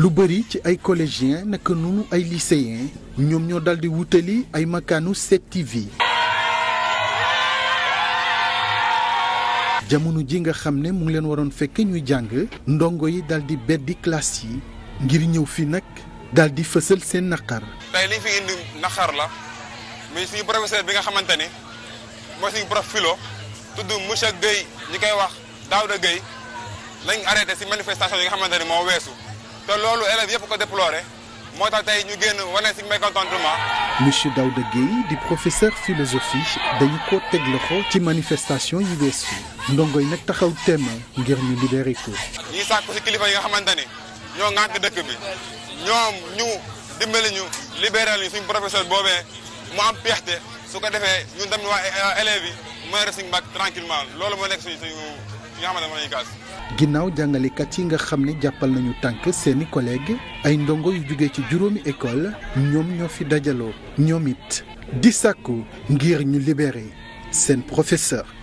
lu bari ci ay collégiens naka noonu ay lycéens ñoom ñoo daldi wutali ay makaanu 7TV jamono ji nga xam ne mu ngi leen waroon fekk ñuy jàng ndongo yi daldi beddi classe yi ngir ñëw fi nag daldi fësal seen naqar. tey li fi indi naqar la muy suñu professeur bi nga xamante ni mooy suñu prof philo tudd monsieur Guèye ñi koy wax Daouda Guèye lañ arrêté ci manifestation yi nga xamante ni moo weesu. te loolu élèves yëpp ko déploré moo tax tey ñu génn wane si mécontentement. monsieur Daouda Guèye di professeur philosophie dañu ko teg loxo ci manifestation yi wees yi ndongo yi nag taxaw temm ngir ñu libéré ko. ñuy ko si kilifa yi nga xamante ni ñoo ŋànk dëkk bi ñoom ñu dimbali ñu libéré ñu suñ professeur boobee mu am peexte su ko defee ñu dem waa élèves yi mën a def suñu tranquillement loolu moo nekk suñu suñu. ginnaaw jàngalekat yi nga xam ne jàppal nañu tànk seeni collègues ay ndongo yu jóge ci juróomi école ñoom ñoo fi dajaloo ñoom it di sàkku ngir ñu libéré seen professeur